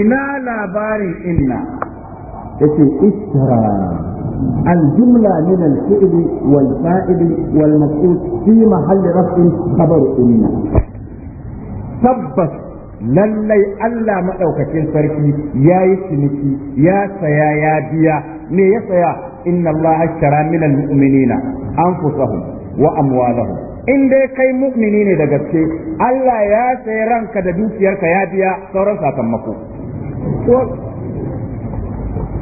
ina labarin inna yace isra الجملة من الفعل والفاعل والمفعول في محل رفع خبر إن تبت lallai Allah maɗaukacin sarki ya yi ciniki ya saya ya biya me ya saya inna Allah ashtara minal mu'minina anfusahum wa amwalahum in dai kai mu'mini ne da gaske Allah ya saya ranka da dukiyarka ya biya sauran sakamako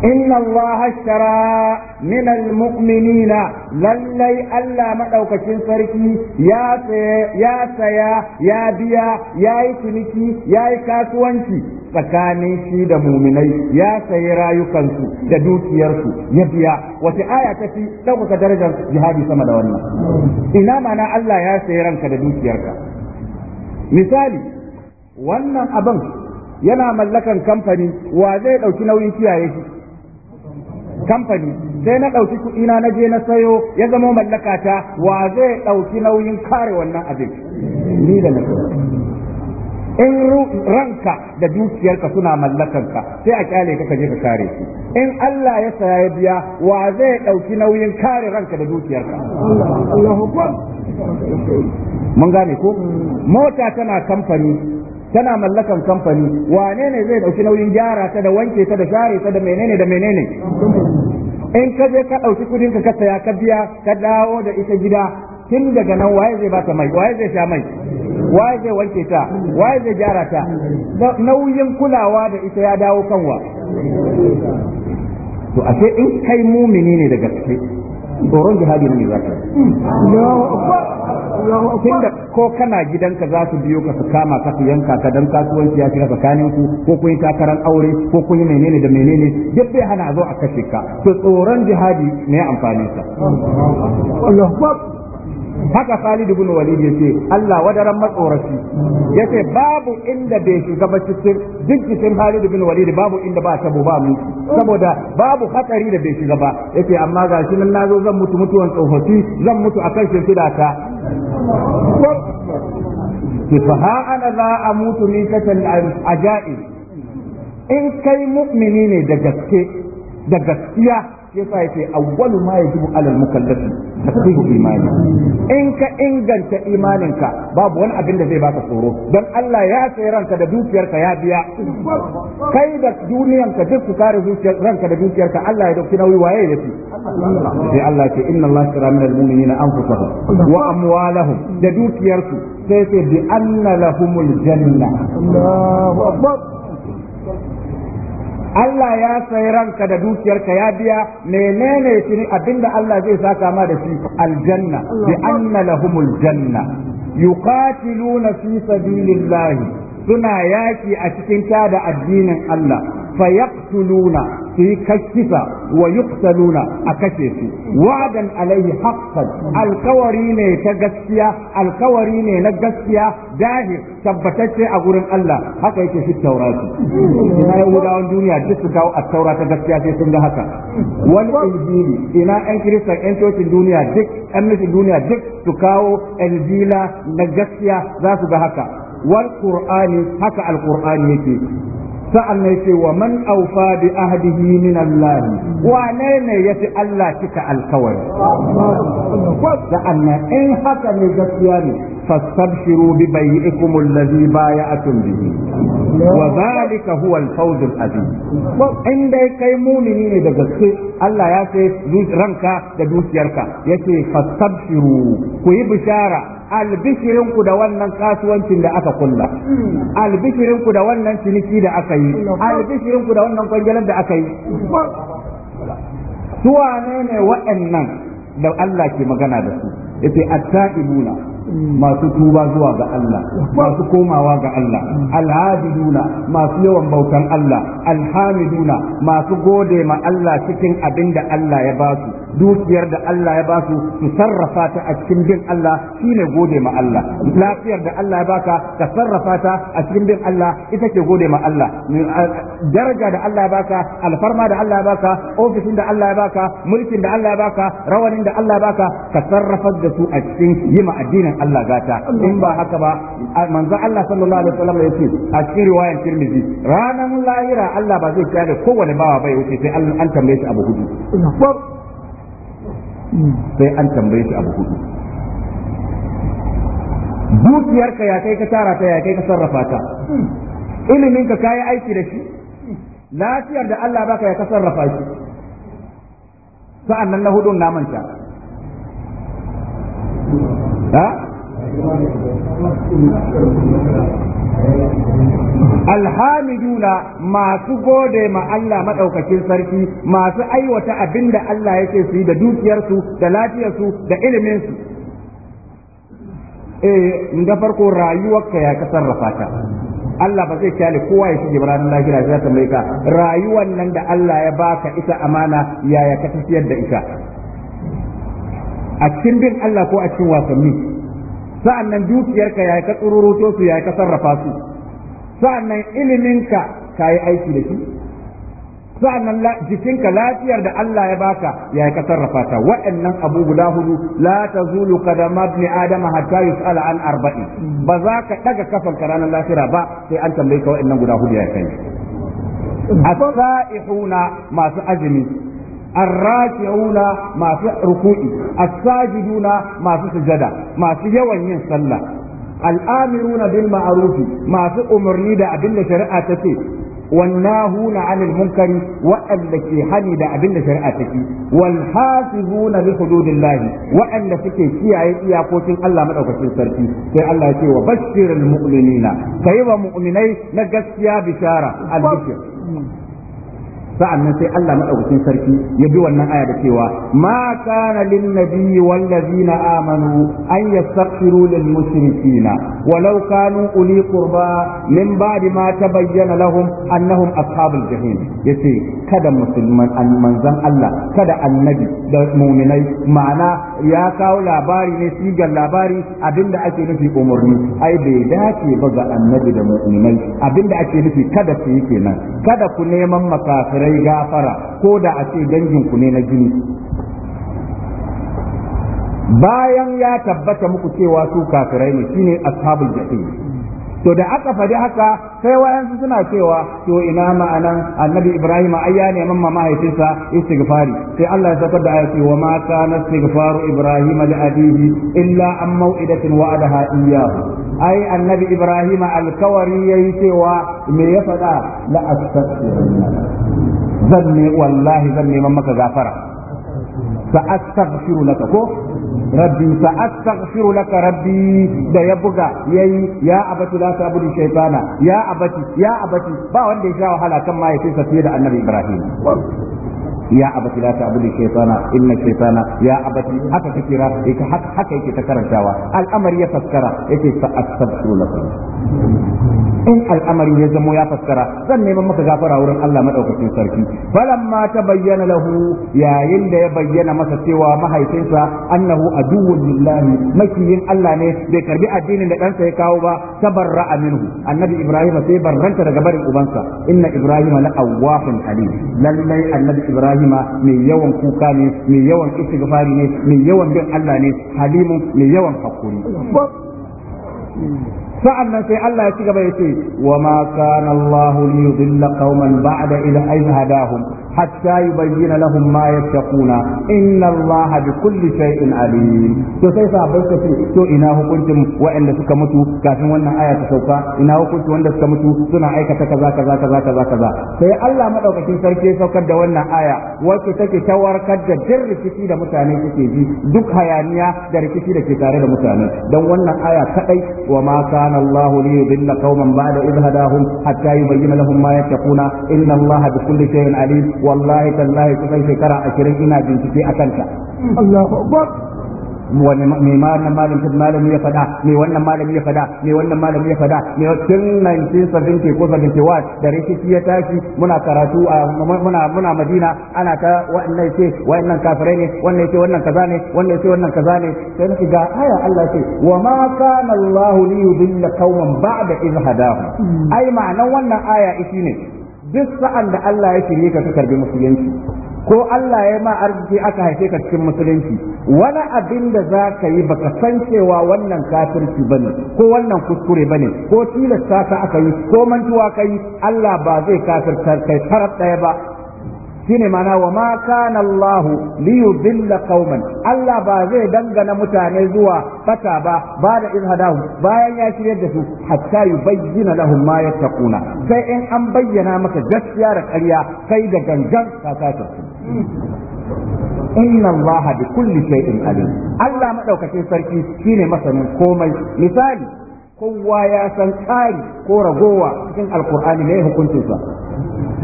إن الله اشترى من المؤمنين lallai Allah maɗaukacin sarki ya سيا ya biya يا بيا يا يتنكي يا يكاسوانكي tsakanin shi da muminai ya sayi rayukansu da dukiyarsu ya biya wace aya tafi ɗaukaka darajar jihadi sama da wannan ina mana Allah ya sayi ranka da dukiyarka misali wannan abin yana mallakan kamfani wa zai ɗauki nauyin kiyaye shi kamfani sai na ɗauki kuɗina na je na sayo ya zama mallakata wa zai ɗauki nauyin kare wannan abin ni da na in ranka da dukiyarka suna mallakanka sai a kyale ka je ka kare su in Allah ya saya ya biya wa zai ɗauki nauyin kare ranka da dukiyarka mun gane ko mota tana kamfani tana mallakan kamfani wane ne zai dauki nauyin gyara ta da wanke ta da share ta da menene da menene in ka je ka dauki kudin ka saya ka biya ka dawo da ita gida tun daga nan waye zai bata mai waye zai sha mai waye zai wanke ta waye zai gyara ta nauyin kulawa da ita ya dawo kanwa to ashe in kai mumini ne da gaske tsoron jihadi ne zaka tunda ko kana gidanka za su biyo ka su kama ka su yanka ka dan kasuwanci ya shiga tsakanin ku ko kun yi takarar aure ko kun yi menene da menene duk bai hana zo a kashe ka to tsoron jihadi ne amfani sa haka Khalid ibn Walid ce Allah wadaran matsorafi yace babu inda bai shiga ba cikin duk Khalid ibn Walid babu inda ba tabo ba mu saboda babu hatsari da bai shiga ba yace amma gashi nan nazo zan mutu mutuwan tsofaffi zan mutu akan da ta fa ha ana za a mutu ni katan ajaib in kai mu'mini ne da gaske da gaskiya ya yasa yace awwalu ma yajibu alal mukallafi tasdiqu imani in ka inganta imaninka babu wani abin da zai baka tsoro don Allah ya sai ranka da dukiyarka ya biya kai da duniyanka duk su kare ranka da dukiyarka Allah ya dauki nauyi waye yafi sai Allah ke. inna Allah shara min almu'minina anfusahum wa amwalahum da dukiyarsu sai sai bi anna lahumul janna Allahu akbar Allah ya sayi ranka da dukiyarka ya biya menene shi abinda Allah zai saka ma da shi aljanna bi anna lahumul janna yuqatiluna fi sabilillahi suna yaki a cikin tada addinin Allah fa yaqtuluna su yi kashisa wa yuqtaluna a kashe su wa'adan alaihi haqqan alkawari ne ta gaskiya alkawari ne na gaskiya dahir tabbatacce a gurin Allah haka yake shi taurati ina yahudawan duniya duk su kawo a taura ta gaskiya sai sun ga haka wani injili ina yan kiristan yan cocin duniya duk yan mishin duniya duk su kawo injila na gaskiya za su ga haka wal qur'ani haka al qur'ani yake sa'an ne ce wa man aufa bi ahdihi min Allah wane ne ya fi Allah cika alkawari sa'an nan in haka ne gaskiya ne fastabshiru bi bai'ikum allazi bay'atum bihi wa zalika huwa al-fawz al-azim in dai kai mumini ne da gaske Allah ya ce ranka da Ya ce fastabshiru ku yi bishara albishirin ku da wannan kasuwancin da aka kulla albishirin ku da wannan ciniki da aka yi albishirin ku da wannan kwangilar da aka yi su wane ne waɗannan da Allah ke magana da su yace at-ta'ibuna masu tuba zuwa ga Allah masu komawa ga Allah alhadiduna masu yawan bautan Allah alhamiduna masu gode ma Allah cikin abin da Allah ya ba su dukiyar da Allah ya basu su sarrafa ta a cikin bin Allah shine gode ma Allah lafiyar da Allah ya baka ka sarrafa ta a cikin bin Allah ita ce gode ma Allah daraja da Allah ya baka alfarma da Allah ya baka ofishin da Allah ya baka mulkin da Allah ya baka rawanin da Allah ya baka ka sarrafa da su a cikin yima addinin Allah gata in ba haka ba manzo Allah sallallahu alaihi wasallam ya ce a cikin riwayar Tirmidhi ranan lahira Allah ba zai kiyaye kowane bawa bai wuce sai an tambaye shi abu hudu sai an tambaye shi abu hudu dukiyarka ya kai ka tara ta ya kai ka sarrafa ta ilimin ka kayi aiki da shi lafiyar da Allah baka ya ka sarrafa shi sa'annan na hudun na manta ha alhamiduna masu gode ma Allah madaukakin sarki masu aiwata abinda Allah yake su yi da dukiyarsu da lafiyarsu da iliminsu eh da farko rayuwarka ya ka ta Allah ba zai kyale kowa ya shige ranar lahira za ta mai ka rayuwar nan da Allah ya baka ita amana yaya ka tafiyar da ita a cikin bin Allah ko a cikin wasanni sa'annan dukiyarka ya ka tsururuto su ya ka sarrafa su sa'annan iliminka ka yi aiki da shi sa'annan jikinka lafiyar da Allah ya baka ya ka sarrafa ta wa'annan abu guda hudu la tazulu qadama ibn adama hatta yus'ala an arba'in ba za ka daga kafan ka ranar lafira ba sai an tambaye ka wa'annan guda hudu ya kai masu azumi الراكعون ما في ركوعي الساجدون ما في سجدة ما في يوان ينسلى الآمرون بالمعروف ما في أمرني دا أبن شرعة تتي والناهون عن المنكر وألك حني دا أبن شرعة تتي والحافظون لحدود الله وأن سكي كي يا قوتين الله من في سرتي كي الله يتي وبشر المؤمنين كيف مؤمني نجسيا بشارة البشر nan sai Allah madaukakin sarki ya bi wannan aya da cewa ma kana lin nabiyyi wal amanu an yastaghfiru lil mushrikina walau kanu uli qurba min ba'di ma tabayyana lahum annahum ashabul jahim yace kada musulman manzan Allah kada annabi da mu'minai ma'ana ya kawo labari ne sigar labari abinda ake nufi umarni ai bai dace ba ga annabi da mu'minai abinda ake nufi kada su yi kenan kada ku neman makafirai akwai gafara ko da a ce danginku ne na jini bayan ya tabbata muku cewa su kafirai ne shine ashabul jahim to da aka faɗi haka sai wayansu suna cewa to ina ma'anan annabi ibrahim ai ya neman ma mahaifinsa istighfari sai Allah ya saukar da ayati wa ma kana istighfaru ibrahim li abihi illa an mau'idatin wa'adaha iyyahu ai annabi ibrahim alkawari yayi cewa me ya faɗa la zan ne wallahi zan neman maka gafara sa'astaghfiru laka ko rabbi sa'astaghfiru laka rabbi da ya buga yayi ya abati la ta'budu shaytana ya abati ya abati ba wanda ya sha wahala kan mahaifinsa fiye da annabi ibrahim ya abati la ta'budu shaytana inna shaytana ya abati haka kira yake haka yake ta karantawa al'amari ya yake sa'astaghfiru laka in al'amari ya zamo ya fassara zan neman maka gafara wurin Allah madaukakin sarki ma ta bayyana lahu yayin da ya bayyana masa cewa mahaifinsa annahu aduwwun lillahi makiyin Allah ne bai karbi addinin da ɗansa ya kawo ba ta barra aminu annabi ibrahim sai barranta daga barin ubansa inna ibrahim la awwahun alim lallai annabi ibrahim mai yawan kuka ne mai yawan istighfari ne mai yawan bin Allah ne halimun mai yawan hakuri sa'annan sai Allah ya ci gaba ya ce wa ma kana Allah li yudilla qauman ba'da ila hum hatta yubayyana lahum ma yattaquna inna allaha bi kulli shay'in alim to sai sahabbai suka ce to ina hukuncin waɗanda suka mutu kafin wannan aya ta sauka ina hukuncin wanda suka mutu suna aikata kaza kaza kaza kaza kaza sai Allah madaukakin sarki ya saukar da wannan aya wacce take tawarkar da jin rikici da mutane suke ji duk hayaniya da rikici da ke tare da mutane Don wannan aya kadai wa ma kana Allahu li yudilla qauman ba'da idh hadahum hatta yubayyana lahum ma yattaquna inna allaha bi kulli shay'in alim wallahi tallahi kusan shekara ashirin ina bincike a kanta Allahu akbar wani mai wannan malam malami ya faɗa, mai wannan malami ya faɗa. mai wannan malami ya fada mai tun 1970 ko 71 da rikici ya tashi muna karatu a muna muna Madina ana ta wannan ce wannan kafirai ne wannan ce wannan kaza ne wannan ce wannan kaza ne sai nake ga aya Allah ce wa ma kana Allah li yudilla qauman ba'da iz hadahum hmm. ai ma'anan wannan aya ishi ne duk sa'an da Allah ya shirye ka ka karbi musulunci ko Allah ya ma arziki aka haife ka cikin musulunci wani abin da za ka yi baka san cewa wannan kafirci bane ko wannan kuskure bane ko tilasta ka aka yi ko mantuwa ka yi Allah ba zai kafirtar kai farar ɗaya ba shine mana wa ma kana Allah li yudilla qauman Allah ba zai dangana mutane zuwa fata ba ba da in hadahu bayan ya shirye da su hatta yubayyana lahum ma yattaquna sai in an bayyana maka gaskiya da ƙarya kai da gangan ka kasa inna Allah bi kulli shay'in alim Allah madaukakin sarki shine masanin komai misali kowa ya san tsari ko ragowa cikin alkur'ani ne hukuncinsa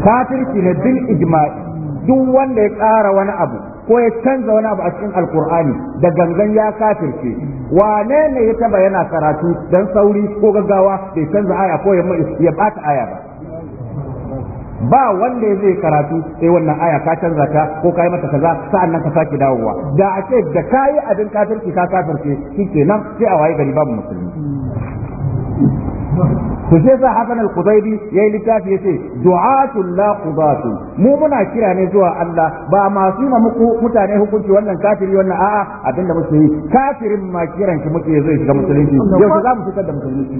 kafirci ne bil ijma'i duk wanda ya ƙara wani abu ko ya canza wani abu a cikin alkur'ani da gangan ya kafirce wane ne ya taba yana karatu don sauri ko gaggawa da ya canza aya ko ya bata aya ba ba wanda ya zai karatu sai wannan aya ka canza ta ko ka yi mata kaza sa'an nan ka sake dawowa da a ce da ka yi abin kafirci ka kafirce shi kenan sai a waye gari babu musulmi to sai sa hasan al-qudaibi yayi littafi yace du'atu la qudatu mu muna kira ne zuwa Allah ba masu ma muku mutane hukunci wannan kafiri wannan a'a abinda muke yi kafirin ma kiran ki muke zai shiga musulunci yau za mu fitar da musulunci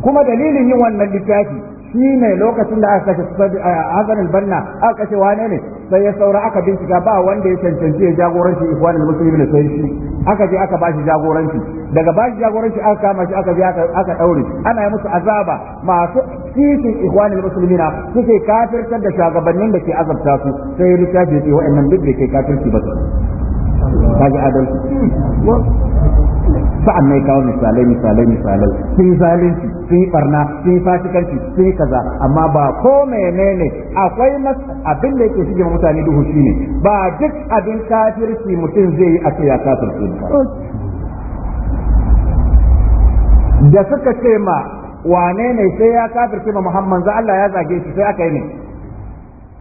kuma dalilin yin wannan littafi shi ne lokacin da aka kashe Hassan al-Banna aka kashe wane ne sai ya saura aka bincika ba wanda ya cancanci ya jagoranci Ikhwan al-Muslimin sai shi aka je aka bashi jagoranci daga bashi jagoranci aka kama shi aka je aka daure ana yi musu azaba masu kishin Ikhwan al-Muslimin suke kafirtar da shugabannin da ke azabta su sai littafi ya ce wa'annan duk da ke kafirci ba su kaji adalci sa'an mai kawo misalai misalai misalai sun zalunci sun yi barna sun yi fasikanci sun yi kaza amma ba ko menene akwai abin da yake shige mutane duhu shine ba duk abin kafirci mutum zai yi a ce ya kafirci da suka ce ma wane ne sai ya kafirce ma Muhammad za Allah ya zage shi sai aka yi ne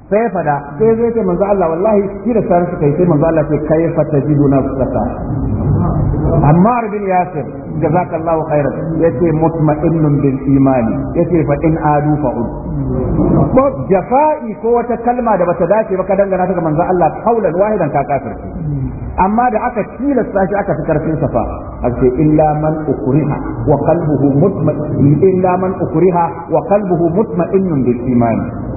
sai ya fada sai zai ce manzo Allah wallahi shi da sarrafa kai sai manzo Allah ce kayfa tajidu nafsaka Ammar bin Yasir jazakallahu khairan yace mutma'innun bil imani yace fa in adu fa ud ko jafa'i ko wata kalma da bata dace ba ka dangana ta ga manzo Allah kaulan wahidan ka kafirci amma da aka tilasta shi aka fi karfin sa fa ake illa man ukuriha wa qalbuhu mutma'in illa man ukriha wa qalbuhu mutma'innun bil imani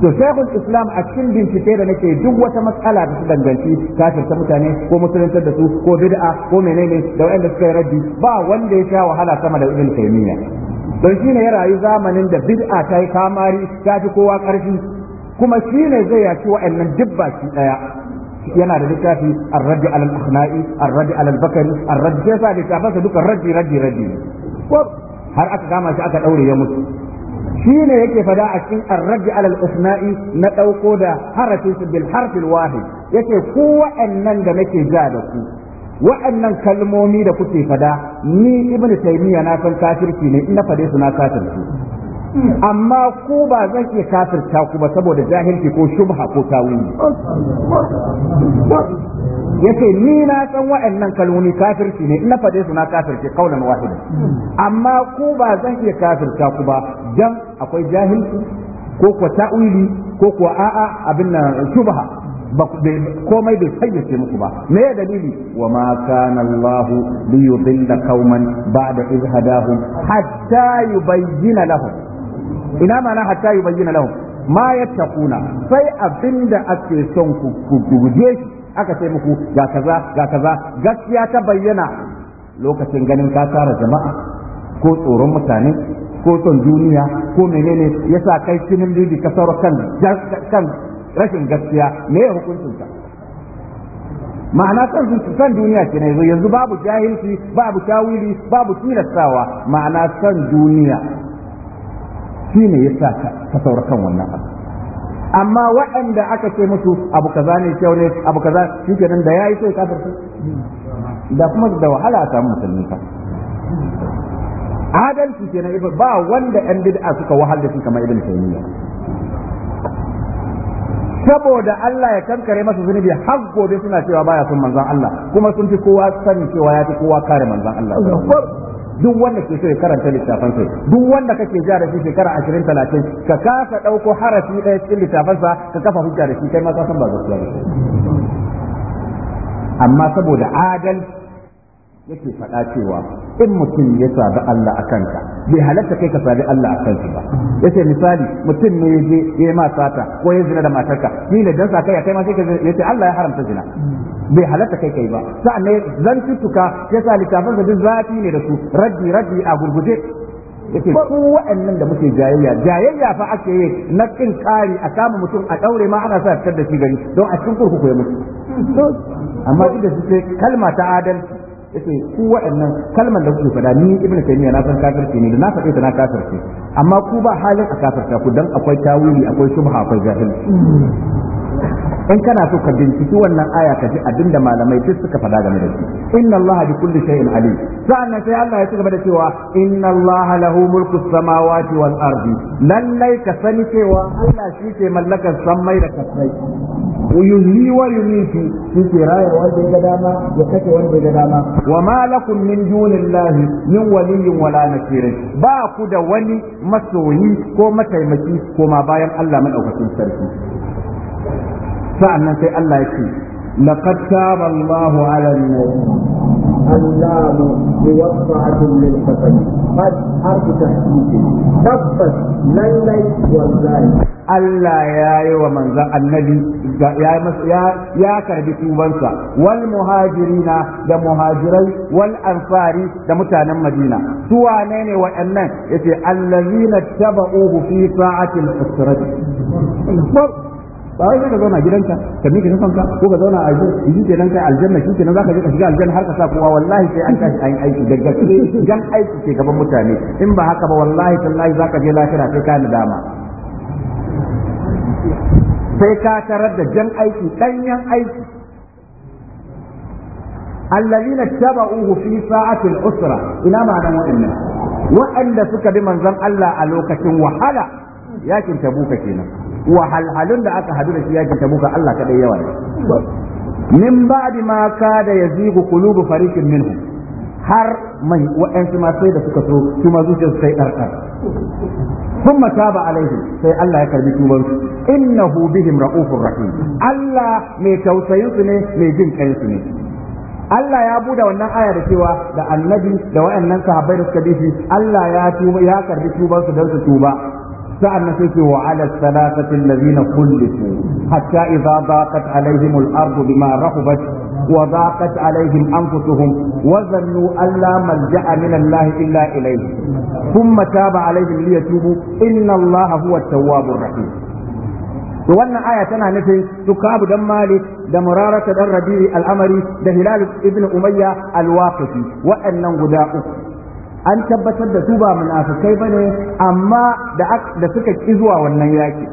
to shaykhul islam a cikin bincike da nake duk wata matsala da su danganci ta mutane ko musuluntar da su ko bid'a ko menene da wanda suka yi raddi ba wanda ya sha wahala sama da ibn taymiya don shine ya rayu zamanin da bid'a ta yi kamari ta fi kowa karfi kuma ne zai yaki wa'annan dibba shi daya yana da littafi ar raddi ala al-akhna'i ar raddi ala al-bakari ar raddi sai sa duka raddi raddi raddi ko har aka gama shi aka daure ya mutu shi ne yake fada a cikin arraji alal usna'i na ɗauko da harafin su bil harfil wahid yake ku wa'annan da nake ja da ku wa'annan kalmomi da kuke fada ni ibnu taymiya na san kafirci ne in na fade su na kafirci amma ku ba zan iya kafirta ku ba saboda jahilci ko shubha ko tawili yace ni na san wa'annan kalmomi kafirci ne na fade su na kafirci kaulan wahida amma ku ba zan iya kafirta ku ba dan akwai jahilci ko ko ta'wili ko ko a'a abin nan shubha komai bai fayyace muku ba me ya dalili wa ma kana Allah li yudilla qauman ba'da iz hadahum hatta yubayyana lahum ina mana hatta bayyana lahum ma yattaquna sai abinda ake son ku guje shi aka sai muku ga kaza ga kaza gaskiya ta bayyana lokacin ganin ka tara jama'a ko tsoron mutane ko son duniya ko menene yasa kai kinin didi ka sauro kan kan rashin gaskiya me ya hukuncin ka ma'ana kan kan duniya ke yanzu yanzu babu jahilci babu tawili babu tilastawa ma'ana san duniya shi ne ya sa ka saura kan wannan abu amma waɗanda aka ce musu abu kaza ne kyau ne abu kaza shi kenan da yayi sai kafir da kuma da wahala a samu musulmi ka adalci kenan ba wanda yan bid'a suka wahal da shi kamar ibn taymiyyah saboda Allah ya kankare masa zunubi har gobe suna cewa baya son manzon Allah kuma sun fi kowa sani cewa ya fi kowa kare manzon Allah duk wanda ke so ya karanta littafan sa duk wanda kake ja da shi shekara 20 talatin ka kasa dauko harafi ɗaya cikin littafan sa ka kafa hujja da shi kai ma ka san ba gaskiya ba amma saboda adal yake faɗa cewa in mutum ya sabi Allah a kanka bai halatta kai ka sabi Allah a kanka ba yace misali mutum ne ya je ya ma sata ko ya zina da matarka ni ne dan sa kai kai ma sai ka yace Allah ya haramta zina bai halatta kai kai ba sa'an ne zantuttuka yasa littafin da duk zafi ne da su raddi raddi a gurguje yake ko wa'annan da muke jayayya jayayya fa ake yi na kin kari a kama mutum a daure ma ana sa fitar da shi gari don a cikin kurkuku ya mutu amma duk da su kalma ta adalci yace ku waɗannan kalmar da kuke faɗa ni ibnu taymiya na san kafirci ne da na faɗe ta na kafirci amma ku ba halin a kafirta ku dan akwai tawili akwai shubha akwai jahilci in kana so ka binciki wannan aya ka ji abinda malamai duk suka faɗa game da shi inna allaha bi kulli shay'in alim sa'annan sai Allah ya ci gaba da cewa inna allaha lahu mulku samawati wal ardi lallai ka sani cewa Allah shi ke mallakar sammai da kasai ويهلي ويميت في كراية وانت قداما وكت وانت قداما وما لكم من دون الله من ولي ولا نكير باكو ولي مسوي كو متى يمشي كو ما بايم ألا من أوكتين سرسي sa'annan sai Allah ya ce laqad taba Allahu 'ala اللام موضعة للقسم قد حرف تحديد تبت للي والذلك Allah ya yi wa manzan annabi ya karbi tubansa wal muhajirina da muhajirai wal ansari da mutanen Madina su wane ne waɗannan yace allazina taba'uhu fi sa'atil usrati ba wai ka zauna gidanka ka miƙe kafanka ko ka zauna a yi kenan kai aljanna shi kenan zaka je ka shiga aljanna har ka sa kowa wallahi sai an tashi an aiki gaske gan aiki ke gaban mutane in ba haka ba wallahi tallahi ka je lafiya sai ka nadama sai ka tarar da jan aiki danyen aiki الذين اتبعوه في ساعة الأسرة إلى معنى وإنا وأن سك بمن زم ألا ألوكة وحلا ياكن تبوك كينا wahalhalun da aka hadu da shi yakin tabuka Allah kadai yawa min ba'di ma kada yazigu qulubu fariqin minhum har mai wa'ansu ma sai da suka so kuma zuciyarsu sai ɗarɗar ثم تاب عليه sai Allah ya karbi tuban su innahu bihim raufur rahim Allah mai tausayinsu ne mai jin kai ne Allah ya buɗe wannan aya da cewa da annabi da waɗannan sahabbai da suka bi Allah ya tuba ya karbi tuban su su tuba sa'an sai ce wa ala salatati allazina kullifu hatta idza daqat alaihim al-ardu bima rahabat wa daqat alaihim anfusuhum wa zannu alla malja'a min Allah illa ilayhi thumma taba alaihim liyatubu inna Allah huwa at-tawwabur rahim to wannan aya tana nufin Sukabu dan Malik da Murarata dan Rabi'u al-Amari da Hilal ibn Umayya al-Waqifi waɗannan guda uku an tabbatar da su ba munafikai bane amma da suka ki zuwa wannan yaki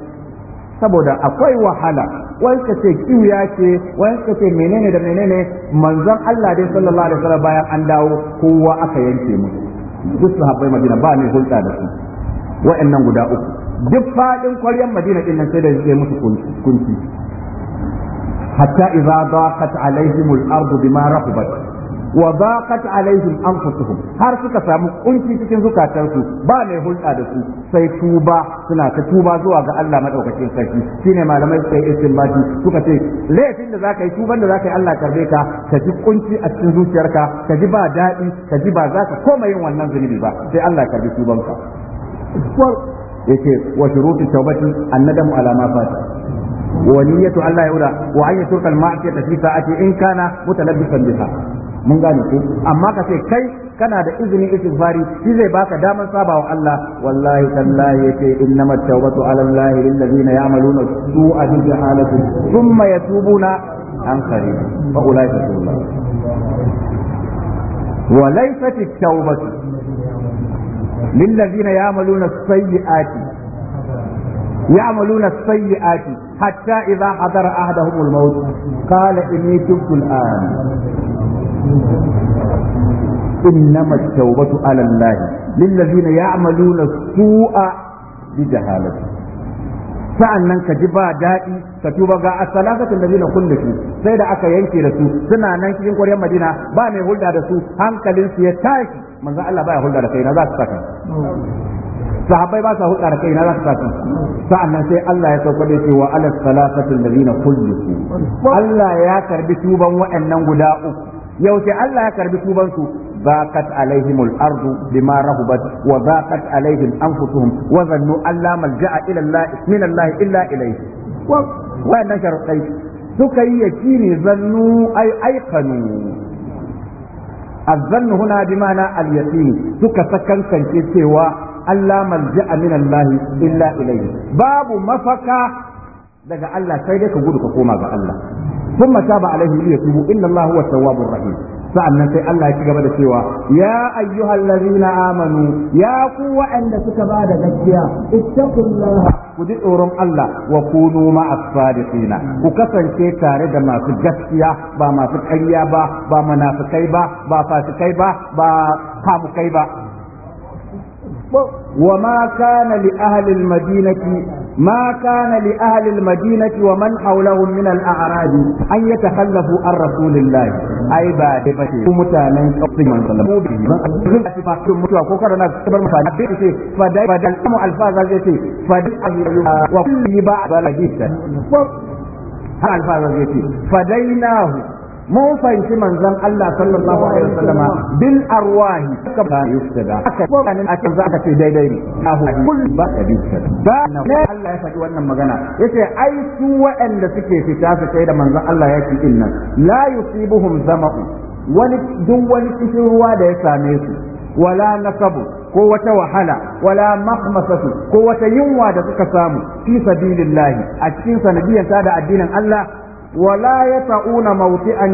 saboda akwai wahala wani ka ce ya ce wani ka ce menene da menene manzon Allah dai sallallahu alaihi wasallam bayan an dawo kowa aka yanke mu. duk su habbai Madina ba ne hulɗa da su wa'annan guda uku duk fadin ƙwaryar Madina din nan sai da zai musu kunci hatta idza daqat alaihimul al-ardu bima rahabat wa zaqat alaihim anfusuhum har suka samu kunci cikin zukatansu ba mai hulɗa da su sai tuba suna ta tuba zuwa ga Allah madaukakin sarki shine malamai sai yi istinbati suka ce laifin da zaka yi tuban da zaka yi Allah karbe ka ka ji kunci a cikin zuciyarka ka ji ba daɗi ka ji ba za ka koma yin wannan zunubi ba sai Allah karbi tubanka yake wa shurutu tawbati annadamu ala ma fata wa niyyatu Allah yauda wa an yatruka al-ma'siyata fi sa'ati in kana mutalabbisan biha mun gane ku. amma ka ce kai kana da izinin istighfari shi zai baka damar sabawa Allah wallahi tallahi yace innamat tawbatu ala Allah lil ladina ya'maluna su'a bi jahalatin thumma yatubuna an qarib fa ulaika tawbah wa laysat at-tawbatu lil ladina ya'maluna as-sayyi'ati hatta السيئات حتى إذا حضر أحدهم الموت قال إني تبت الآن إنما التوبة على الله للذين يعملون السوء بجهالة sa'annan ka ji ba daɗi ka tuba ga asalakatun da zina kulle su sai da aka yanke da su suna nan cikin ƙwaryar madina ba mai hulɗa da su hankalinsu ya tashi manzo Allah baya hulɗa da kai na za su saka sahabbai ba sa hulɗa da kaina za su saka sa'an nan sai Allah ya sauka da cewa ala salatatul kulle su, Allah ya karbi tuban waɗannan guda uku yau Allah ya karbi tuban su zaqat alaihim al-ard bima rahabat wa zaqat alaihim anfusuhum wa zannu alla malja'a ila Allah min Allah illa ilayhi wa wa nashar qayf suka yi yaki ne zannu ay aykanu الظن هنا بمعنى اليقين تكتكن كان كيتوا الا من جاء من الله الا اليه باب مفكا دغ الله سيدك غدو كوما الله thumma taba alaihim liyatubu inna allaha huwa tawwabur rahim sa'annan sai Allah ya ci gaba da cewa ya na amanu ya ku wa'anda suka ba da gaskiya ittaqullaha ku ji tsoron Allah wa kunu ma'as sadiqina ku kasance tare da masu gaskiya ba masu ƙarya ba ba munafikai ba ba fasikai ba ba kamukai ba وما كان لأهل المدينة ما كان لأهل المدينة ومن حولهم من الأعراب أن يتخلفوا عن رسول الله أي بعد فتي متانا قصيما صلى الله عليه وسلم فدل فدل الفاظ هذه فدل وكل بعد لجيسا هذا الفاظ هذه فديناه mun fahimci manzon Allah sallallahu alaihi wasallama bil arwahi ka ba yustada aka ko kan a ce za ka ce daidai ne ahu kul ba da yustada ba Allah ya faɗi wannan magana yace ai su waɗanda suke fita su kai da manzon Allah ya yake inna la yusibuhum zama'u wani duk wani cikin ruwa da ya same su wala nasabu ko wata wahala wala makhmasatu ko wata yunwa da suka samu fi sabilillahi a cikin sanadiyar da addinin Allah ولا يطعون موطئا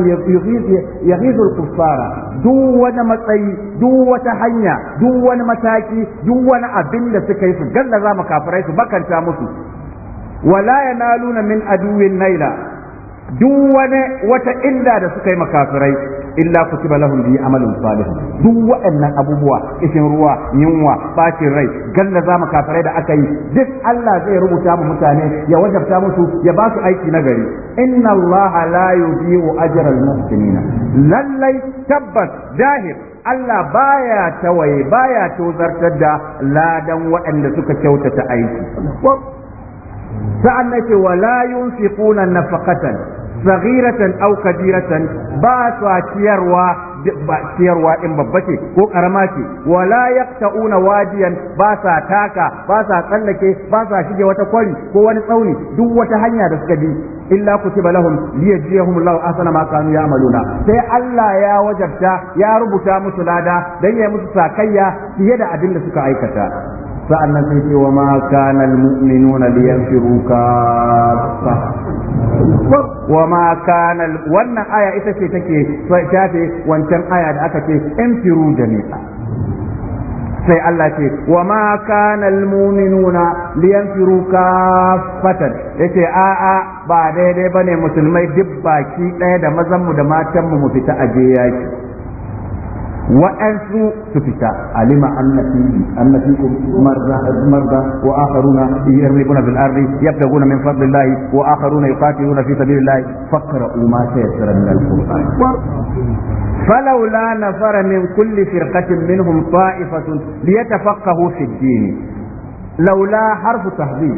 يغيظ الكفار duk wani matsayi duk wata hanya duk wani mataki duk wani abin da suka yi su gallaza makafirai su bakanta musu wala ya na yanaluna min aduwin naila duk wani wata illa da suka yi makafirai illa kutiba lahum bi amalin salih duk waɗannan abubuwa kishin ruwa yunwa bacin rai galla za makafirai da aka yi duk Allah zai rubuta mu mutane ya wajabta musu ya ba su aiki na gari inna Allah la yudhi'u ajra al lallai tabbas dahir Allah baya tawaye baya tozartar da ladan waɗanda suka kyautata aiki sa'an nake wala yunfiquna nafaqatan saghiratan aw kabiratan ba su ciyarwa ba ciyarwa in babba ce ko karama ce wala yaqtauna wadiyan ba sa taka ba sa tsallake ba sa shige wata kwari ko wani tsauni duk wata hanya da suka bi illa kutiba lahum liyajziyahum Allahu ahsana ma kanu ya'maluna sai Allah ya wajabta ya rubuta musu lada dan ya musu sakayya fiye da abin da suka aikata sa'annan sai ce wa ma kana almu'minuna liyanfiru kaffa wa ma kana wannan aya ita ce take shafe wancan aya da aka ce infiru jami'a sai Allah ce wa ma kana almu'minuna liyanfiru kaffatan yace a a ba daidai bane musulmai duk baki ɗaya da mazanmu da matanmu mu fita aje yaki وأنسوا سفتا علم أن فيكم أن فيكم مرضى مرضى وآخرون يرمون في الأرض يبتغون من فضل الله وآخرون يقاتلون في سبيل الله فاقرأوا ما تيسر من القرآن فلولا نفر من كل فرقة منهم طائفة ليتفقهوا في الدين لولا حرف تهذيب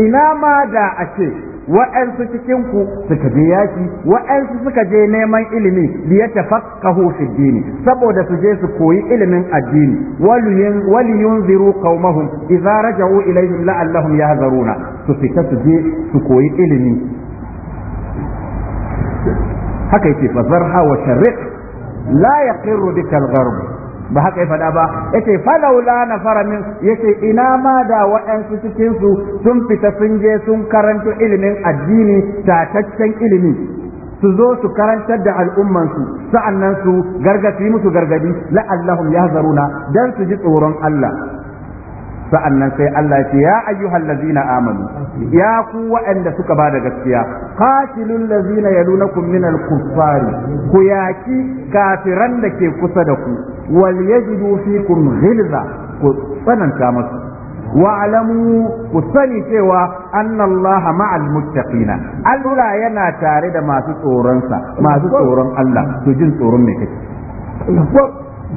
إنما دا أشيء wa'ansu cikin ku suka je yaki wa'ansu suka je neman ilimi li yatafaqahu fi dini saboda su je su koyi ilimin addini waliyun waliyunziru qaumahum idza raja'u ilayhim la'allahum yahzaruna su fita su je su koyi ilimi haka yake fazarha wa sharriq la yaqirru bika al-gharb ba haka ya faɗa ba yace falaula na faramin yace ina ma da waɗansu cikinsu sun fita sun je sun karanto ilimin addini tataccen ilimi su zo su karantar da al'ummansu sa'annan su gargadi musu gargadi la'allahum yahzaruna dan su ji tsoron Allah sa'annan sai Allah ce ya ayyuhal lazina amanu ya ku waɗanda suka ba da gaskiya lazina ya nuna minal kuffari ku yaki kafiran da ke kusa da ku wal dufi kun hilza ku tsananta masu wa'alamu ku sani cewa annallaha ma'al muttaqina Allah yana tare da masu tsoronsa masu tsoron Allah su jin tsoron mai kake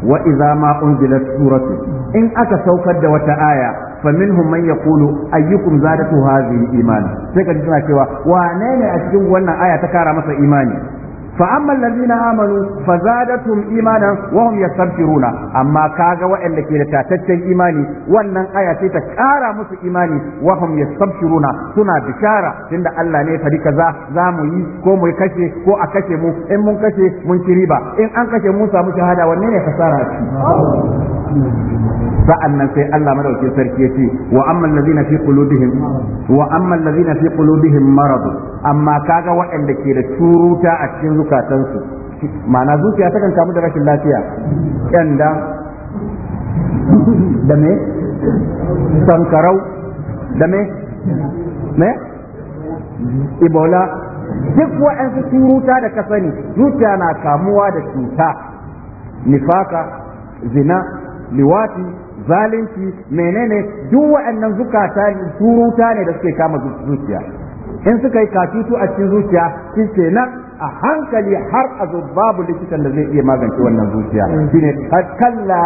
wa idza ma unzilat suratu in aka saukar da wata aya fa minhum man yaqulu ayyukum zadatu hadhihi iman sai ka suna cewa wane ne a cikin wannan aya ta kara masa imani fa amma allazina amanu fa zadatuhum imanan wa hum yastabshiruna amma kaga waɗanda ke da tataccen imani wannan aya sai ta kara musu imani wa hum yastabshiruna suna bishara tunda Allah ne fadi kaza za mu yi ko mu kashe ko a kashe mu in mun kashe mun ci ba, in an kashe mu samu shahada wanne ne kasara shi sa'annan sai Allah madaukakin sarki yace wa amman ladina fi qulubihim wa amman ladina fi qulubihim marad amma kaga waɗanda ke da turuta a cikin zukatansu ma'ana zuciya takan kamu da rashin lafiya kyanda da me sankarau da me me ibola duk waɗansu turuta da ka sani zuciya na kamuwa da cuta nifaka zina liwati zalunci menene duk waɗannan zukata suruta ne da suke kama zuciya in suka yi katutu a cikin zuciya shi kenan a hankali har a zo babu likitan da zai iya magance wannan zuciya ne kalla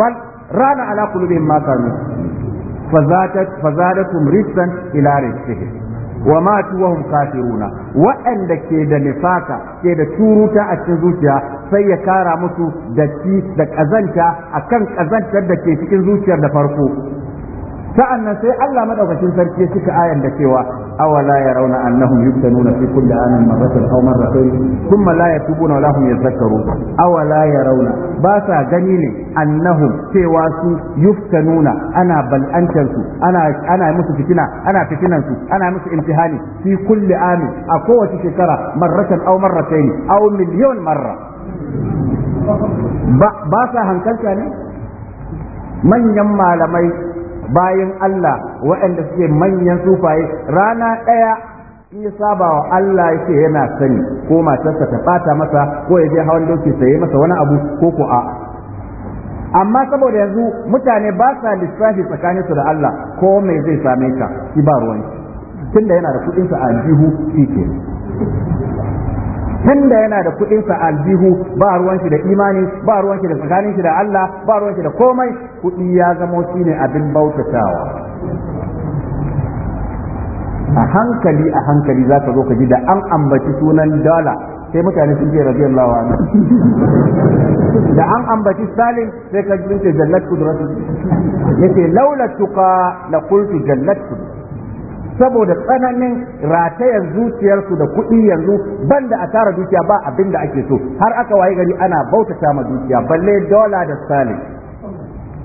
bal rana ala qulubihim ma kanu fazadatum rizqan ila rizqihim wa matu wa hum kafiruna waɗanda ke da nifaka ke da turuta a cikin zuciya sai ya kara musu da da kazanta akan kazantar da ke cikin zuciyar da farko sa'an nan sai Allah maɗaukacin sarki ya cika ayan da cewa awala fi la ba sa gani ne annahum cewa su nuna ana bal'antar ana ana musu fitina ana fitinan ana musu imtihani fi a kowace shekara marratan aw miliyon marra ba sa manyan malamai bayan Allah waɗanda suke manyan sufaye rana ɗaya in ya saba wa Allah yake yana sani ko matarsa ta ɓata masa ko ya je hawan doki saye masa wani abu ko ko a amma saboda yanzu mutane ba sa lissafi tsakaninsu da Allah ko me zai same ka shi ba ruwan tunda yana da kuɗinsa a jihu shi tunda yana da kuɗin sa aljihu ba ruwan shi da imani ba ruwan shi da tsakanin shi da Allah ba ruwan shi da komai kuɗi ya zama ne abin bautatawa a hankali a hankali za ka zo ka ji da an ambaci sunan dala sai mutane sun ce radiyallahu anhu da an ambaci salim sai ka ji ce jallat kudratu yake laula tuqa la qultu jallat kudratu saboda tsananin ratayen zuciyarsu da kuɗi yanzu banda a tara dukiya ba abin da ake so har aka waye gari ana bautata ma dukiya balle dola da sale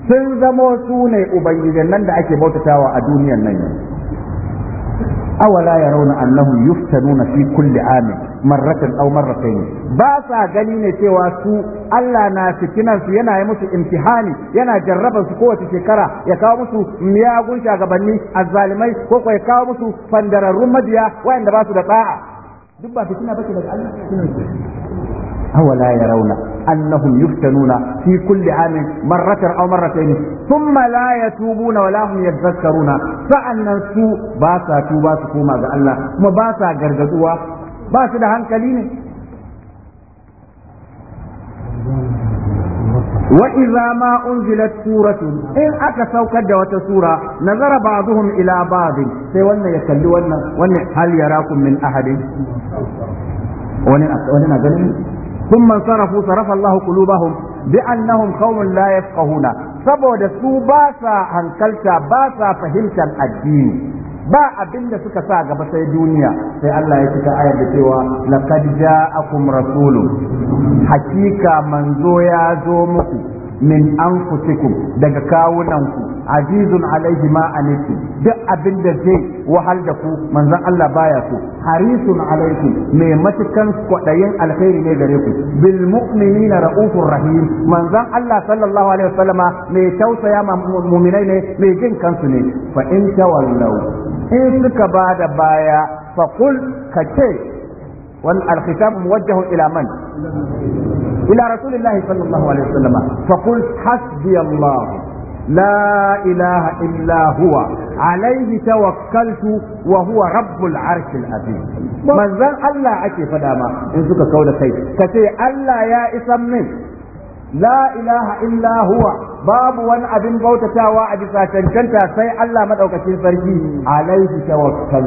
sun zamo su ne ubangijin nan da ake bautatawa a duniyar nan yau awala yarawna annahum yuftanuna fi kulli amin marratan aw marratayn ba sa gani ne cewa su Allah na fitinan su yana yi musu imtihani yana jarraba su kowace shekara ya kawo musu miyagun shagabanni azzalimai ko ko ya kawo musu fandararrun mabiya wayanda ba su da tsa'a duk ba fitina bace daga Allah أولا يرون أنهم يفتنون في كل عام مرة أو مرتين ثم لا يتوبون ولا هم يتذكرون فأن سوء باسا توبا سكوما ذا الله ما قرقدوا ba su da hankali ne wa idza ma unzilat suratun in aka saukar da wata sura nazara ba'dhum ila ba'd sai wannan ya kalli wannan wannan hal yarakum min ahadin wani wani na ganin thumma sarafu sarafa Allahu qulubahum bi annahum qaumun la yafqahuna saboda su ba sa hankalta ba sa fahimtar addini ba abin da suka sa gaba sai duniya sai Allah ya cika ayar da cewa laqad ja'akum rasulun hakika manzo ya zo muku min anfusikum daga kawunanku azizun alaihi ma anitu duk abin da zai wahal da ku manzon Allah baya so harisun alaikum mai matukan kwadayin alkhairi ne gare ku bil mu'minina raufur rahim manzon Allah sallallahu alaihi wasallama mai tausaya ma mu'minai ne mai jin kansu ne fa in in suka ba da baya faƙul ka ce wal alkhitab muwajjahu ila man ila rasulillahi sallallahu alaihi wasallam faqul hasbi allah la ilaha illa huwa alaihi tawakkaltu wa huwa rabbul arshil azim manzan allah ake fada ma in suka kauda kai Ka ce allah ya isan min la ilaha illa huwa babu wani abin bautatawa a bisa cancanta sai Allah madaukakin sarki alaihi tawakkal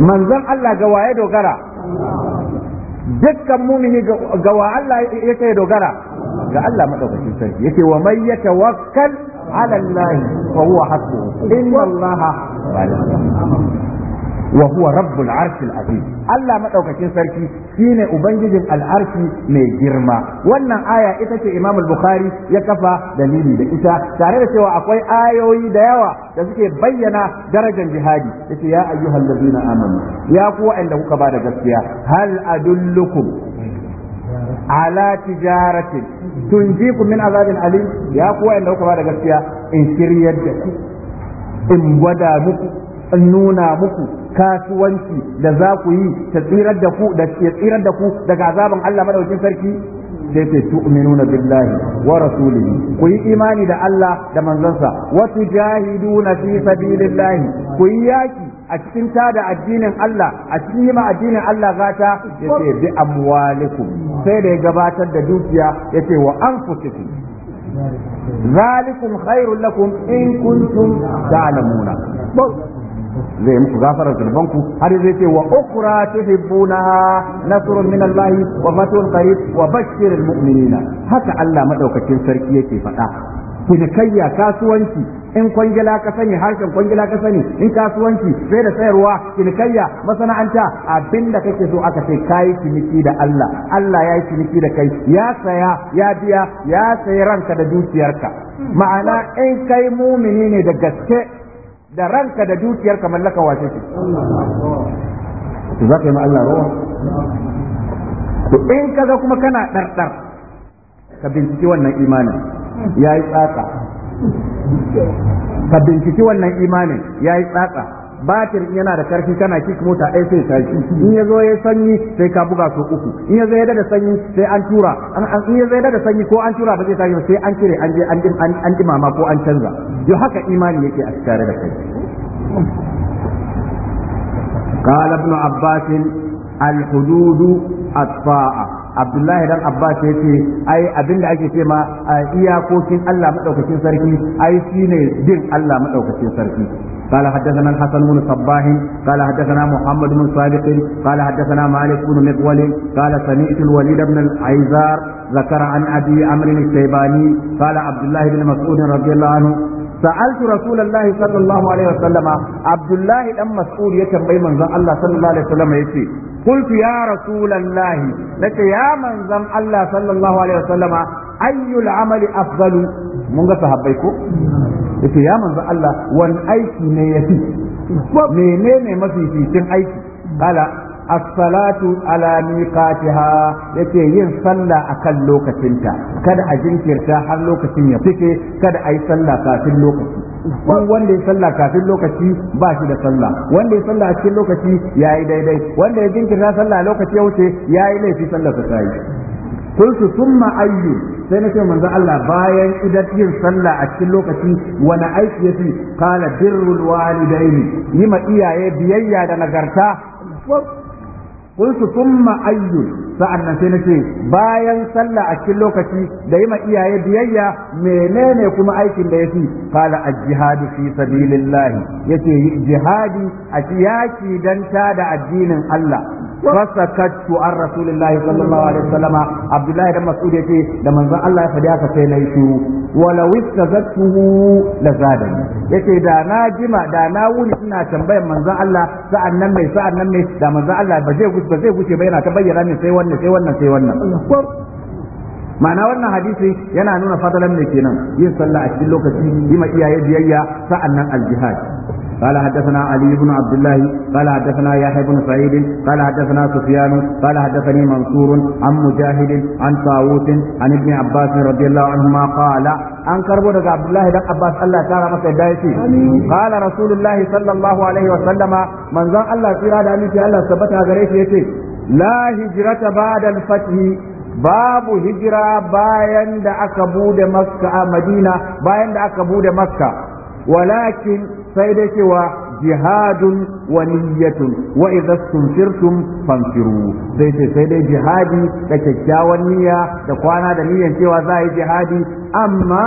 manzon Allah ga dogara dukkan mumini ga wa Allah yake dogara ga Allah madaukakin sarki yake wa may yatawakkal ala Allah fa huwa hasbuhu inna Allah Wahuwa huwa rabbul arshil azim Allah madaukakin sarki shine ubangijin al'arshi mai girma wannan aya ita ce imamul al-Bukhari ya kafa dalili da ita tare da cewa akwai ayoyi da yawa da suke bayyana darajar jihadi yace ya ayyuhallazina amanu ya ku wa'anda kuka ba da gaskiya hal adullukum ala tijaratin tunjiku min azabin Ali. ya kuwa inda kuka da gaskiya in shiryar da ku in gwada muku in nuna muku kasuwanci da za ku yi ta tsirar da ku da ke tsirar da ku daga azaban Allah madaukin sarki sai ce tu'minuna billahi wa rasulihi ku yi imani da Allah da manzansa wa tujahiduna fi sabilillahi ku yi yaki a cikin tada addinin Allah a cikin yi addinin Allah gata yace bi amwalikum sai da ya gabatar da dukiya yace wa anfusikum zalikum khairul lakum in kuntum ta'lamuna zai muku gafarar zunubanku har zai ce wa ukra na nasrun min Allah wa fatun qarib wa bashiril mu'minina haka Allah madaukakin sarki yake faɗa cinikayya kasuwanci in kwangila ka sani harshen kwangila ka sani in kasuwanci sai da sayarwa cinikayya masana'anta abinda kake so aka sai kayi ciniki da Allah Allah ya yi ciniki da kai ya saya ya biya ya sayi ranka da dukiyarka ma'ana in kai mumini ne da gaske da ranka da dukiyar ka mallaka wace ce to za ka yi ma Allah rawa to in ga kuma kana ɗarɗar ka binciki wannan imanin yayi tsaka ka binciki wannan imanin ya yi tsatsa batir yana da karfi kana kik mota ɗaya sai tashi in ya zo ya sanyi sai ka buga su uku in ya zo ya da sanyi sai an tura in ya zo ya da sanyi ko an tura ba zai tashi sai an kire an je an dimama ko an canza yau haka imani yake a tare da kai قال ابن عباس الحدود الطاعة عبد الله بن عباس yace ai abin da ake ce ma iyakokin Allah madaukakin sarki ai shine bin Allah madaukakin sarki قال حدثنا الحسن بن صباح قال حدثنا محمد بن صادق قال حدثنا مالك بن مقول قال سمعت الوليد بن العيزار ذكر عن ابي عمرو الشيباني قال عبد الله بن مسعود رضي الله عنه سألت رسول الله صلى الله عليه وسلم عبد الله دم مسعود يتنبي من زن الله صلى الله عليه وسلم يتي قلت يا رسول الله لك يا من زن الله صلى الله عليه وسلم أي العمل أفضل من صحابيكم yace ya manzo Allah wani aiki ne yafi menene mafificin aiki kala as-salatu ala miqatiha yace yin sallah akan lokacinta kada a jinkirta har lokacin ya fike kada a yi sallah kafin lokaci wanda ya sallah kafin lokaci ba shi da sallah wanda ya sallah a cikin lokaci yayi daidai wanda ya jinkirta sallah lokaci ya wuce yayi laifi sallah ta kai kulsu summa ayyu sai na ce manzo Allah bayan idan yin sallah a cikin lokaci wani aiki yafi kala birrul walidaini yi ma iyaye biyayya da nagarta qultu ayyu ayyun sa'annan sai nace bayan sallah a cikin lokaci da yi ma iyaye biyayya menene kuma aikin da yafi kala al-jihadu fi sabilillah yace jihadi a yaki dan da addinin Allah fasakattu an rasulillahi sallallahu alaihi wasallama abdullahi dan mas'ud yace da manzon Allah ya fadi haka sai nayi shiru Wala istazattuhu lazada yace da na jima da na wuni ina tambayar manzon Allah sa'an nan mai sa'an nan mai da manzon Allah ba zai gushe ba zai gushe ba yana ta bayyana min sai wannan sai wannan sai wannan ma'ana wannan hadisi yana nuna fadalan ne kenan yin sallah a cikin lokaci yi ma iyaye biyayya sa'an nan aljihad قال حدثنا علي بن عبد الله قال حدثنا يحيى بن سعيد قال حدثنا سفيان قال حدثني منصور عن مجاهد عن طاووس عن ابن عباس رضي الله عنهما قال an karbo daga Abdullahi dan Abbas Allah ya tara masa yadda yace qala Rasulullah sallallahu alaihi wa sallama manzon Allah tsira da aminci Allah tabbata gare shi yace la hijrata ba'da babu hijira bayan da aka bude a Madina bayan da aka bude Makka walakin sai dai cewa jihadun wa niyyatun wa idza sunfirtum fanfiru sai ce sai dai jihadi da kyakkyawan niyya da kwana da niyyar cewa za yi jihadi amma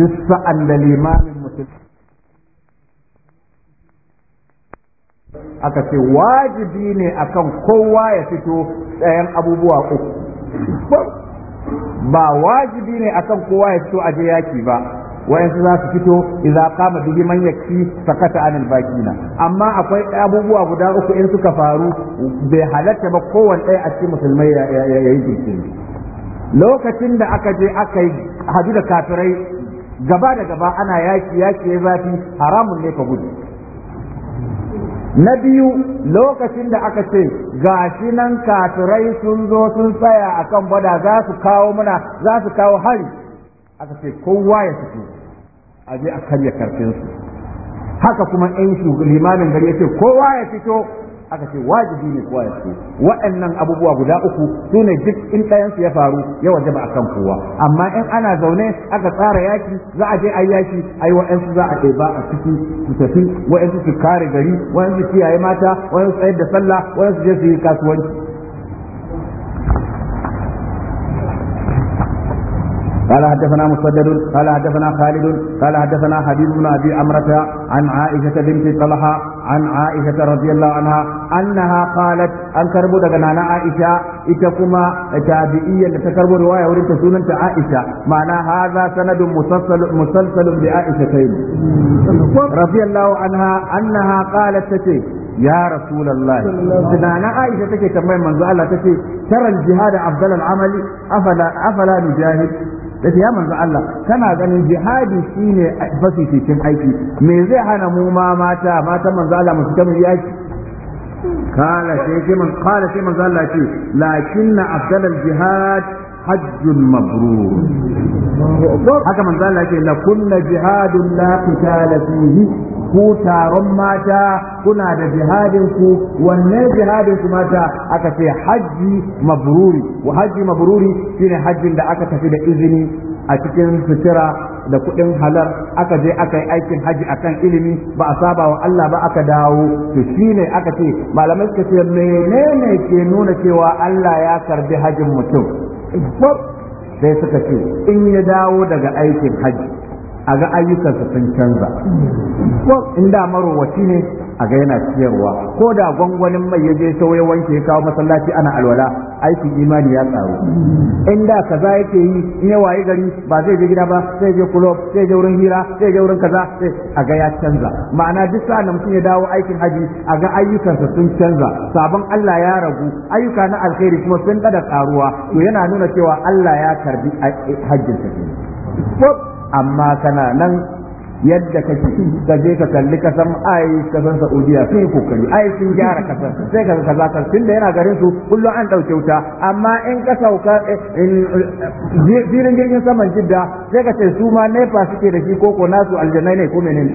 duk sa'an da limamin mutum aka ce wajibi ne akan kowa ya fito tsayan abubuwa uku ba wajibi ne akan kowa ya fito a yaki ba wayansu za su fito idza qama bihi man yakfi sakata anil bakina amma akwai abubuwa guda uku in suka faru bai halatta ba kowanne ɗaya a cikin musulmai ya yi jinkiri lokacin da aka je aka yi hadu da kafirai gaba da gaba ana yaki yaki ya zafi haramun ne ka gudu na biyu lokacin da aka ce gashi nan kafirai sun zo sun tsaya akan bada za su kawo muna za su kawo hari aka ce kowa ya fito a je a karya karfin haka kuma ɗan limamin gari ya ce kowa ya fito aka ce wajibi ne kowa ya fito waɗannan abubuwa guda uku su ne duk in ɗayansu ya faru ya wajaba kan kowa amma in ana zaune aka tsara yaki za a je a yaki ai waɗansu za a ɗeba a ciki su tafi waɗansu su kare gari waɗansu kiyaye mata waɗansu tsayar da sallah waɗansu je su yi kasuwanci قال حدثنا مسدد قال حدثنا خالد قال حدثنا حبيب بن ابي عمرة عن عائشة بنت طلحة عن عائشة رضي الله عنها انها قالت ان كربو دغنا عائشة اتكما تابعيا تكربو رواية ورنت سنة عائشة معنى هذا سند مسلسل مسلسل بعائشتين رضي الله عنها انها قالت تتي يا رسول الله سنانا عائشة تكي كمان منذ الله تتي ترى الجهاد افضل العمل افلا افلا نجاهد da ya manzo Allah kana ganin jihadi shine fasikin aiki me zai hana mu ma mata mata manzo Allah mu fita mu yaki kala sai ke man kala sai manzo Allah ce lakinna afdalal jihad hajjun mabrur haka manzo Allah ce la kunna jihadun la qitala fihi ku taron mata kuna da jihadin ku wanne jihadin ku mata aka ce hajji mabruri wa hajji mabruri shine hajjin da aka tafi da izini a cikin sutura da kuɗin halar aka je aka yi aikin haji akan ilimi ba a saba wa Allah ba aka dawo to shine aka ce malamai suka ce menene ke nuna cewa Allah ya karbi hajjin mutum sai suka ce in ya dawo daga aikin haji a ga ayyukansa sun canza ko in da marowaci ne a ga yana ciyarwa ko da gwangwanin mai ya je sau ya wanke ya kawo masallaci ana alwala aikin imani ya tsaro in da kaza yake yi in ya waye gari ba zai je gida ba zai je kulob zai je wurin hira zai je wurin kaza sai a ga ya canza ma'ana duk sa na mutum ya dawo aikin haji a ga ayyukansa sun canza sabon Allah ya ragu ayyuka na alkhairi kuma sun kada karuwa to yana nuna cewa Allah ya karbi eh, hajjin sa amma kana nan yadda ka ci ka je ka kalli san ai san Saudiya sun yi kokari ai sun gyara kasan sai ka kaza ka tunda yana garin su kullum an dauke wuta amma in ka sauka jirin eh, eh, jirgin saman jidda sai ka ce su ma nepa suke da shi koko nasu aljanai ne ko menene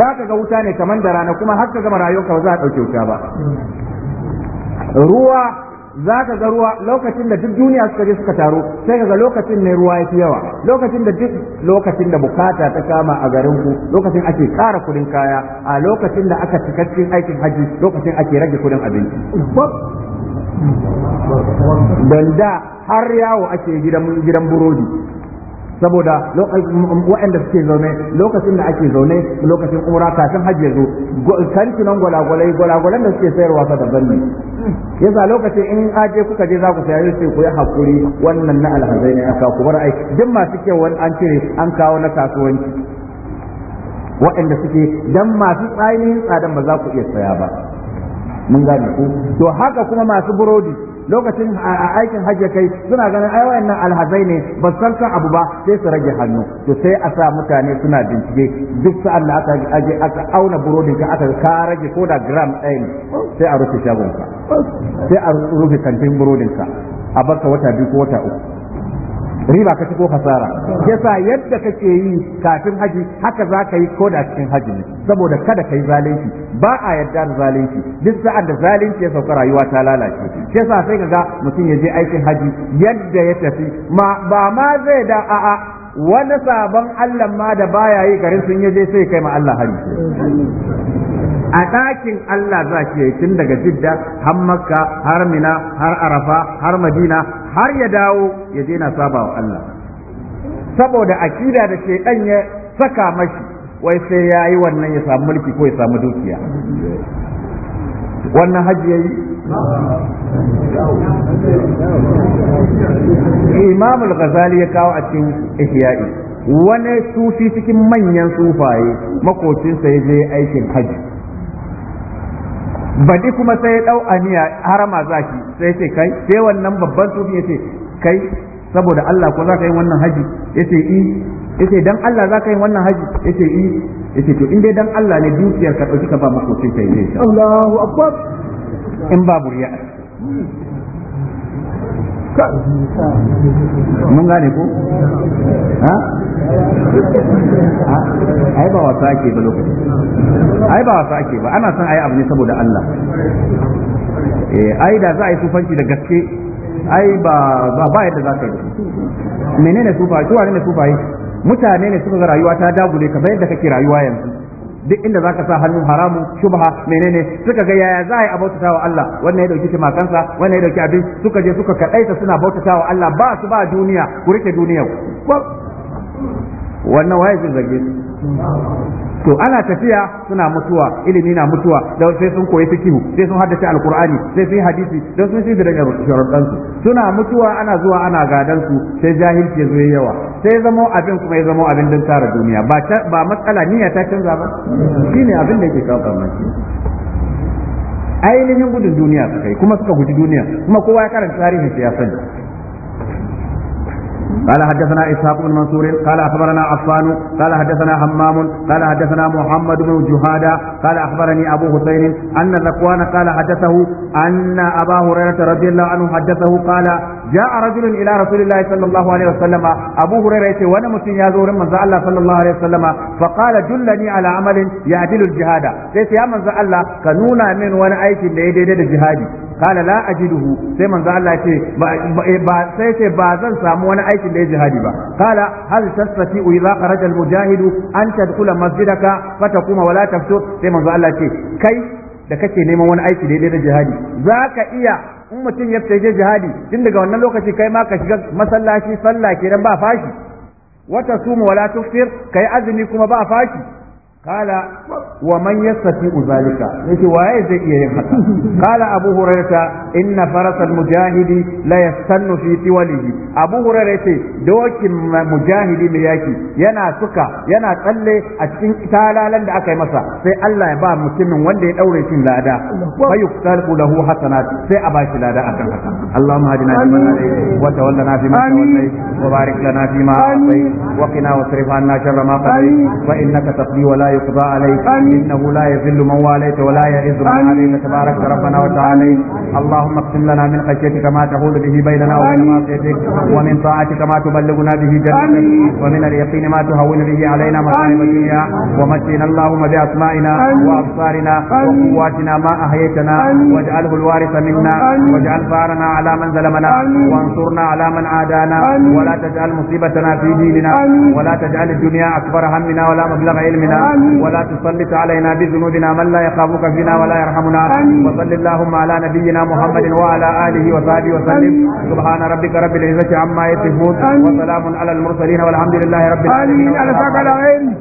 za ka ga wuta ne kamar da rana kuma har ka gama rayuwarka ba za a dauke wuta ba ruwa za ka ga ruwa lokacin da duk duniya suka je suka taru sai ka ga lokacin ne ruwa ya fi yawa lokacin da duk lokacin da bukata ta kama a garin ku lokacin ake ƙara kuɗin kaya a lokacin da aka cikakken aikin haji lokacin ake rage kuɗin abinci Dan da har yawo ake gidan burodi saboda mm, mm, waɗanda suke zaune lokacin da ake zaune lokacin umra kafin hajji zo kantinan gwalagwalai gwalagwalan da suke sayarwa ta daban ne yasa lokacin in aje kuka je za ku sayar sai ku yi hakuri wannan na alhazai ne aka ku bar aiki duk masu kyau an cire an kawo na kasuwanci waɗanda suke dan masu tsayin tsadan ba za ku iya saya ba mun gane ku to haka kuma masu burodi lokacin a aikin hajji kai suna ganin ai wayannan alhazai ne ba san kan abu ba sai su rage hannu to sai a sa mutane suna bincike duk sa'an da aka aje aka auna burodin ka aka ka rage ko da gram ɗaya ne sai a rufe shagon ka sai a rufe kantin burodin ka a baka wata biyu ko wata uku riba ka ci ko fasara yasa yadda kake yi kafin haji haka za ka yi ko da cikin haji ne saboda kada ka yi zalunci ba a yarda da zalunci duk sa'ar da zalunci ya sauka rayuwa ta lalace yasa sai ka ga mutum ya je aikin haji yadda ya tafi ma ba ma zai da a'a wani sabon Allah ma da baya yi garin sun yaje sai kai ma Allah hari a ɗakin Allah za ki yi tun daga Jidda har Makka har Mina har Arafa har Madina har ya dawo ya je na saba wa Allah saboda akida da shedan ya saka mashi wai sai ya yi wannan ya samu mulki ko ya samu dukiya wannan hajji ya yi imam al-ghazali ya kawo a cikin ihya'i wani sufi cikin manyan sufaye makocinsa ya je aikin hajji baɗi kuma sai ya ɗau aniya harama zaki sai ce kai sai wannan babban sufi ya ce kai saboda Allah ko za ka yi wannan haji ya ce i ya ce dan Allah za ka yi wannan haji ya ce i ya ce to in dai dan Allah ne dukiyar ka ɗauki ka ba makocin ka yi Allahu akbar in babu riya mun gane ko ha ai ba wasa ake ba lokaci ai ba wasa ake ba ana son ai abu ne saboda Allah eh ai da za a yi sufanci da gaske ai ba ba ba yadda za ka yi menene sufa wane ne sufa yi mutane ne suka ga rayuwa ta dagule kamar yadda kake rayuwa yanzu duk inda zaka sa hannu haramu shubha menene suka ga yaya za a yi a wa Allah wannan ya dauki timakansa wannan ya dauki abin suka je suka kadaita suna bautata wa Allah ba su ba duniya ku rike duniya wannan waye zai zage to ana tafiya suna mutuwa ilimi na mutuwa da sai sun koyi fikihu sai sun haddace alqur'ani sai sun hadisi don sun shiga daga sharadan su suna mutuwa ana zuwa ana gadan su sai jahilci ya zo yawa sai zamo abin kuma ya zamo abin dan tara duniya ba ba matsala niyya ta canza ba shine abin da yake kawo farmaki ainihin gudun duniya suka yi kuma suka guji duniya kuma kowa ya karanta tarihin siyasa قال حدثنا إسحاق بن منصور قال أخبرنا عفان قال حدثنا همام قال حدثنا محمد بن جهادة قال أخبرني أبو حسين أن ذكوان قال حدثه أن أبا هريرة رضي الله عنه حدثه قال جاء رجل إلى رسول الله صلى الله عليه وسلم أبو هريرة وأنا مسلم يزور من الله صلى الله عليه وسلم فقال دلني على عمل يعدل الجهاد ليس يا من الله كنونا من وأنا أيتي ليدي الجهاد qala la ajiduhu sai manzo Allah ce ba eh, sai ce ba zan samu wani aikin da ya jihadi ba qala hal tastati idza kharaja al mujahidu an tadkhula masjidaka fatakuma wala taftu sai manzo Allah ce kai da kake neman wani aiki daidai da jihadi za ka iya in mutum ya fita jihadi tun daga wannan lokaci kai ma ka shiga masallaci sallah kenan ba fashi wata suma wala tuftir kai azumi kuma ba fashi Kala wa قال ومن يستطيع ذلك يتي واي زي يين حتى قال ابو هريره ان فرس المجاهد لا يستن في توله ابو هريره يتي dokin mujahidi mai yaki yana suka yana tsalle a cikin talalan da aka yi masa sai Allah ya ba mutumin wanda ya daure shi lada fa yuktalu lahu hasanat sai a bashi lada akan haka Allahumma hadina fi man hadayt wa tawallana fi man tawallayt wa barik lana fi ma atayt wa qina wasrif anna sharra ma qadayt fa innaka taqdi wa la يقضى عليك إنه لا يذل من واليت ولا يعز من عليك تبارك ربنا وتعالى اللهم اقسم لنا من خشيتك ما تحول به بيننا وبين معصيتك ومن طاعتك ما تبلغنا به جنتك ومن اليقين ما تهون به علينا مصائب الدنيا ومشينا اللهم بأسمائنا وأبصارنا وقواتنا ما أحييتنا واجعله الوارث منا واجعل ثارنا على من ظلمنا وانصرنا على من عادانا ولا تجعل مصيبتنا في ديننا ولا تجعل الدنيا أكبر همنا ولا مبلغ علمنا ولا تسلط علينا بذنوبنا من لا يخافك فينا ولا يرحمنا وصل اللهم على نبينا محمد وعلى آله وصحبه وسلم سبحان ربك رب العزة عما يصفون وسلام على المرسلين والحمد لله رب العالمين